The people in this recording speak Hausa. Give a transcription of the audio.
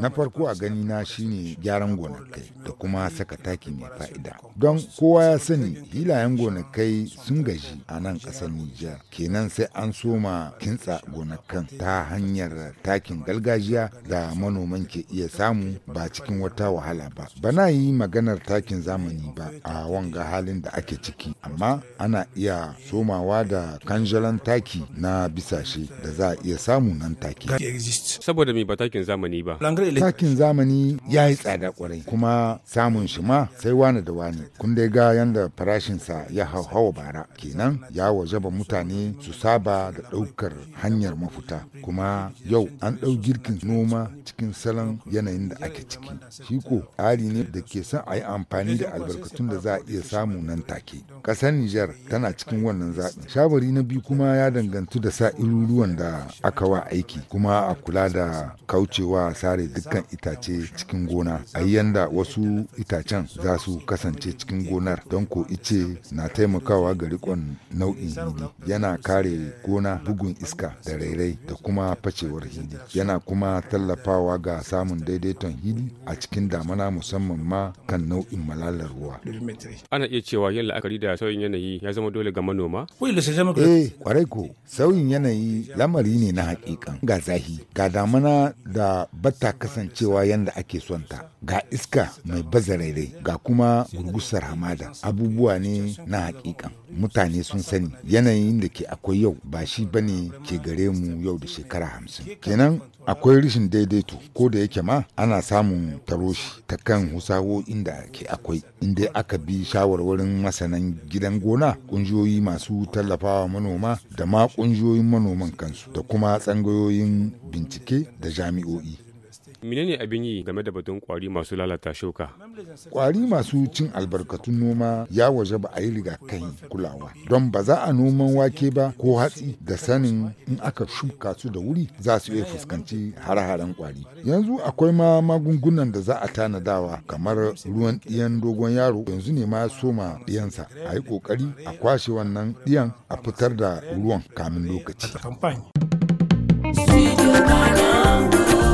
Na farko a gani na shine gyaran gonakai da kuma saka taki mai fa'ida. Don kowa ya sani hilayen gonakai sun gaji a nan ƙasar Nijar. Kenan sai an soma kintsa gonakan ta hanyar takin gargajiya da manoman ke iya samu ba cikin wata wahala ba. Bana yi maganar takin zamani ba a wanga halin da ake ciki, amma ana iya somawa da kanjalan taki na bisashe da za a iya samu nan take. Saboda mai ba takin zamani zamani ba. Takin zamani ya yi tsada kwarai kuma samun shi ma sai wani da wani. Kun dai ga farashin farashinsa ya hau hawa bara kenan ya waje ba mutane su saba da ɗaukar hanyar mafuta kuma yau an ɗau girkin noma cikin salon yanayin da ake ciki. Shi ko tsari ne da ke son a yi amfani da albarkatun da za a iya samu nan take. Ƙasar Nijar tana cikin wannan zaɓin. Shawari na biyu kuma ya dangantu da sa iruruwan da aka wa aiki kuma a kula da kaucewa wa sare dukkan itace cikin gona a yi yanda wasu itacen za su kasance cikin gonar don ko ice na taimakawa ga rikon nau'in hili yana kare gona bugun iska da rairai da kuma facewar hili yana kuma tallafawa ga samun daidaiton hili a cikin damana musamman ma kan nau'in malalar ruwa ana iya cewa yin la'akari da sauyin yanayi ya zama dole ga manoma eh kwarai ko sauyin yanayi lamari ne na hakikan ga zahi ga damana da ba ta kasancewa yadda ake sonta ga iska mai bazararai ga kuma gurgusar hamada abubuwa ne na hakikan mutane sun sani yanayin da ke akwai yau ba shi bane ke gare mu yau da shekara hamsin kenan akwai rashin daidaito ko da yake ma ana samun taroshi ta kan husawo inda ke akwai inda aka bi shawarwarin masanan gidan gona kungiyoyi masu tallafawa manoma da ma kungiyoyin manoman kansu da kuma tsangayoyin bincike da jami'o'i Menene abin yi game da batun kwari masu lalata shuka? Kwari masu cin albarkatun noma ya waje ba a yi rigakafin kulawa. Don ba za a noman wake ba ko hatsi da sanin in aka shuka su da wuri za su iya fuskanci har-haren kwari. Yanzu akwai ma magungunan da za a tanadawa kamar ruwan ɗiyan dogon yaro yanzu ne ma soma ɗiyansa a yi ƙoƙari a kwashe wannan ɗiyan a fitar da ruwan kamin lokaci. Studio